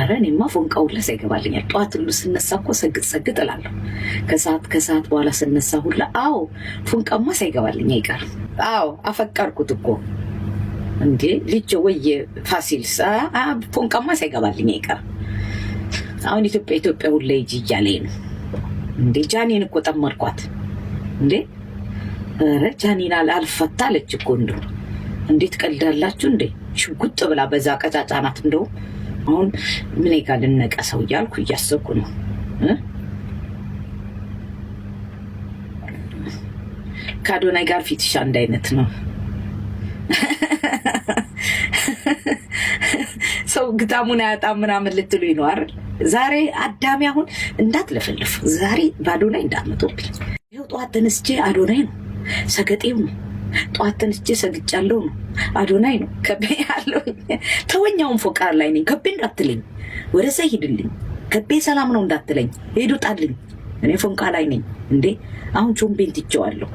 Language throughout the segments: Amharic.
ኧረ እኔማ ፎንቃ ሁላ ይገባልኛል። ጠዋት ሁሉ ስነሳ እኮ ሰግጥ ሰግጥ እላለሁ። ከሰዓት ከሰዓት በኋላ ስነሳ ሁላ አዎ ፎንቃማ ሳይገባልኝ አይቀርም። አዎ አፈቀርኩት እኮ እንዴ ልጅ ወይ ፋሲል ፎንቃማ ሳይገባልኝ አይቀርም። አሁን ኢትዮጵያ ኢትዮጵያ ሁላ ሂጂ እያለኝ ነው እንዴ። ጃኔን እኮ ጠመድኳት እንዴ። ኧረ ጃኒን አልፈታ አለች እኮ እንዴት ቀልዳላችሁ እንዴ! ሽጉጥ ብላ በዛ ቀጫጫ ናት እንደውም አሁን ምን ጋር ልነቀ ሰው እያልኩ እያሰብኩ ነው። ከአዶናይ ጋር ፊትሽ አንድ አይነት ነው። ሰው ግጣሙን አያጣም ምናምን ልትሉ ነው አይደል? ዛሬ አዳሚ አሁን እንዳትለፈልፉ፣ ዛሬ በአዶናይ እንዳትመጡብኝ። ይኸው ጠዋት ተነስቼ አዶናይ ነው ሰገጤው ነው ጠዋት ተነስቼ ሰግጫለሁ ነው አዶናይ ነው ከቤ ያለው ተወኛውን ፎቃር ላይ ነኝ። ከቤ እንዳትለኝ ወደዛ ሂድልኝ፣ ከቤ ሰላም ነው እንዳትለኝ፣ ሄዱ ጣልኝ። እኔ ፎንቃ ላይ ነኝ እንዴ አሁን ቾምቤን ትቼዋለሁ።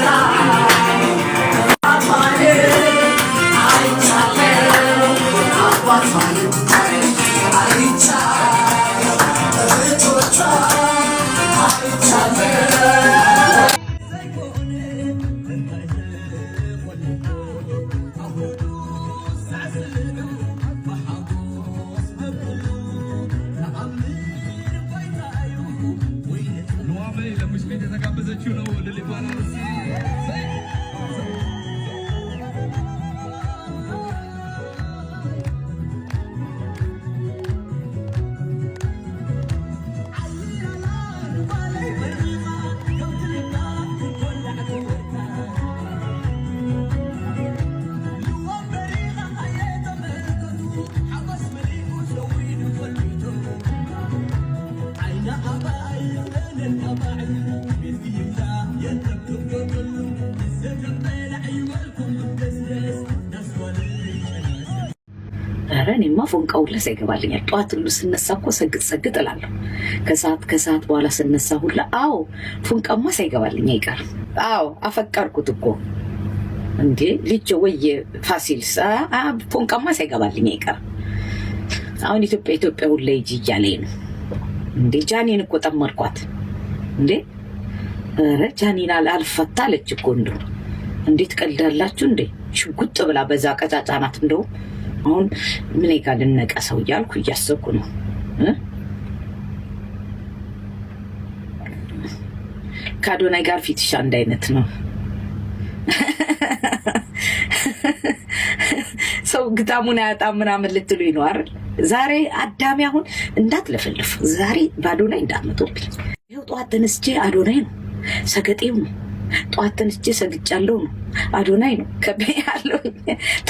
love. እየጋበዘችው ነው ልልባና ኧረ እኔማ ፎንቃ ሁላ ይገባልኛል። ጠዋት ሁሉ ስነሳ እኮ ሰግጥ ሰግጥ እላለሁ። ከሰዓት ከሰዓት በኋላ ስነሳ ሁላ አዎ ፎንቃማ ሳይገባልኝ አይቀርም። አዎ አፈቀርኩት እኮ እንዴ ልጆ ወየ ፋሲልስ ፎንቃማ ሳይገባልኝ አይቀርም። አሁን ኢትዮጵያ ኢትዮጵያ ሁላ ሂጂ እያለኝ ነው እንዴ። ጃኔን እኮ ጠመድኳት እንዴ። ኧረ ጃኒን አልፈታ አለች እኮ እንዴት ቀልዳላችሁ እንዴ! ሽጉጥ ብላ በዛ ቀጫጫ ናት እንደውም አሁን ምን ጋር ልነቀ ሰው እያልኩ እያሰብኩ ነው። ከአዶናይ ጋር ፊትሽ አንድ አይነት ነው። ሰው ግጣሙን አያጣም ምናምን ልትሉ ነው አይደል? ዛሬ አዳሚ አሁን እንዳትለፈልፉ፣ ዛሬ በአዶናይ እንዳመጡብኝ ይኸው ጠዋት ተነስቼ አዶናይ ነው ሰገጤው ነው ጠዋት ተነስቼ ሰግጫለሁ ነው። አዶናይ ነው ከቤ ያለው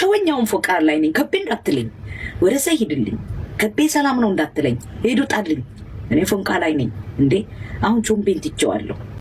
ተወኛውን ፎቃር ላይ ነኝ። ከቤ እንዳትለኝ፣ ወደዛ ሂድልኝ፣ ከቤ ሰላም ነው እንዳትለኝ፣ ሄዱ ጣልኝ። እኔ ፎንቃ ላይ ነኝ እንዴ! አሁን ቾምቤን ትቼዋለሁ።